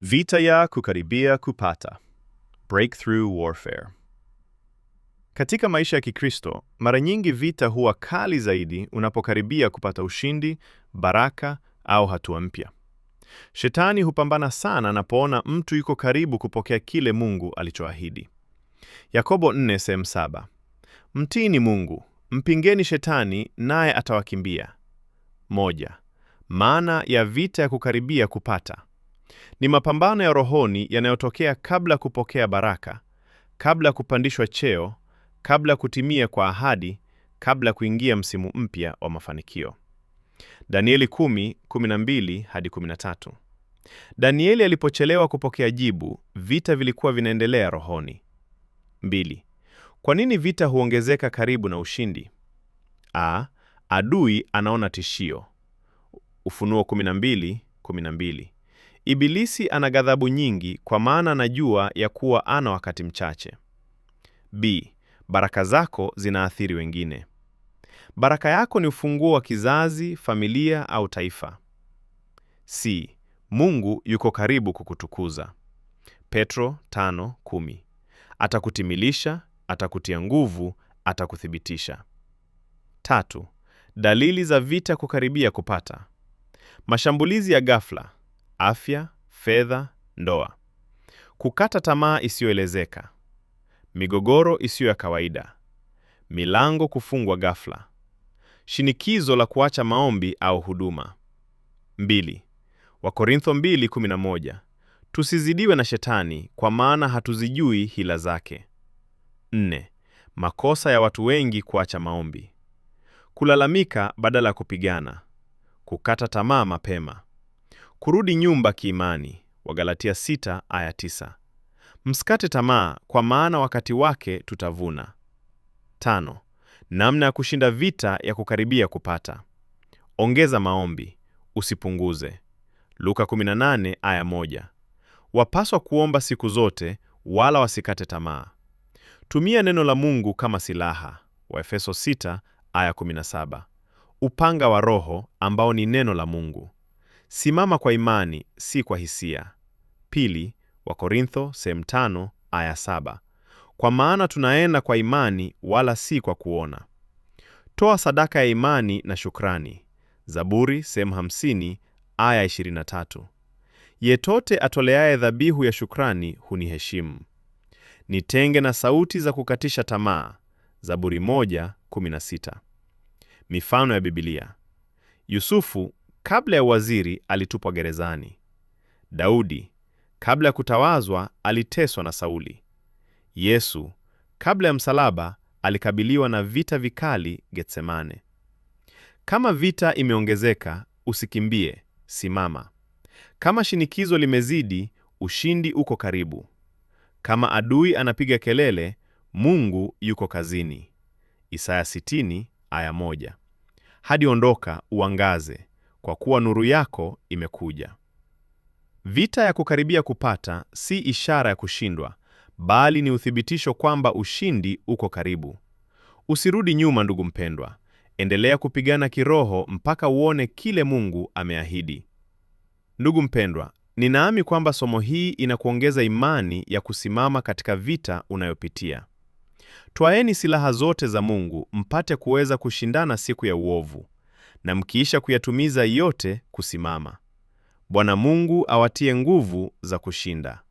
Vita ya kukaribia kupata breakthrough warfare. Katika maisha ya Kikristo, mara nyingi vita huwa kali zaidi unapokaribia kupata ushindi, baraka au hatua mpya. Shetani hupambana sana anapoona mtu yuko karibu kupokea kile Mungu alichoahidi. Yakobo 4:7, mtini Mungu, mpingeni shetani naye atawakimbia. Moja, maana ya vita ya kukaribia kupata ni mapambano ya rohoni yanayotokea kabla ya kupokea baraka, kabla ya kupandishwa cheo, kabla ya kutimia kwa ahadi, kabla ya kuingia msimu mpya wa mafanikio. Danieli 10:12 hadi 13. Danieli alipochelewa kupokea jibu, vita vilikuwa vinaendelea rohoni. 2. Kwa nini vita huongezeka karibu na ushindi? A, adui anaona tishio. Ufunuo 12:12. Ibilisi ana ghadhabu nyingi, kwa maana anajua ya kuwa ana wakati mchache. B. Baraka zako zinaathiri wengine. Baraka yako ni ufunguo wa kizazi, familia au taifa. C. Mungu yuko karibu kukutukuza. Petro 5:10. Atakutimilisha, atakutia nguvu, atakuthibitisha. Tatu, dalili za vita kukaribia kupata. Mashambulizi ya ghafla, afya, fedha, ndoa, kukata tamaa isiyoelezeka, migogoro isiyo ya kawaida, milango kufungwa ghafla, shinikizo la kuacha maombi au huduma. Mbili, Wakorintho 2:11 tusizidiwe na shetani kwa maana hatuzijui hila zake. Nne, makosa ya watu wengi kuacha maombi, kulalamika badala ya kupigana, kukata tamaa mapema. Kurudi nyumba kiimani, Wagalatia 6 aya 9. Msikate tamaa, kwa maana wakati wake tutavuna. Tano, namna ya kushinda vita ya kukaribia kupata. Ongeza maombi, usipunguze. Luka 18 aya Wapaswa kuomba siku zote, wala wasikate tamaa. Tumia neno la Mungu kama silaha, Waefeso 6 aya 17. Upanga wa Roho ambao ni neno la Mungu. Simama kwa imani, si kwa hisia. Pili Wakorintho sehemu tano aya saba. Kwa maana tunaenda kwa imani wala si kwa kuona. Toa sadaka ya imani na shukrani. Zaburi sehemu hamsini aya ishirini na tatu. Yetote atoleaye dhabihu ya shukrani huniheshimu. Nitenge na sauti za kukatisha tamaa. Zaburi moja kumi na sita. Mifano ya Biblia. Yusufu Kabla ya uwaziri alitupwa gerezani. Daudi kabla ya kutawazwa aliteswa na Sauli. Yesu kabla ya msalaba alikabiliwa na vita vikali Getsemane. Kama vita imeongezeka, usikimbie, simama. Kama shinikizo limezidi, ushindi uko karibu. Kama adui anapiga kelele, Mungu yuko kazini. Isaya 60 aya moja. Hadi ondoka uangaze, kwa kuwa nuru yako imekuja. Vita ya kukaribia kupata si ishara ya kushindwa, bali ni uthibitisho kwamba ushindi uko karibu. Usirudi nyuma, ndugu mpendwa. Endelea kupigana kiroho mpaka uone kile Mungu ameahidi. Ndugu mpendwa, ninaami kwamba somo hii inakuongeza imani ya kusimama katika vita unayopitia. Twaeni silaha zote za Mungu mpate kuweza kushindana siku ya uovu na mkiisha kuyatumiza yote kusimama. Bwana Mungu awatie nguvu za kushinda.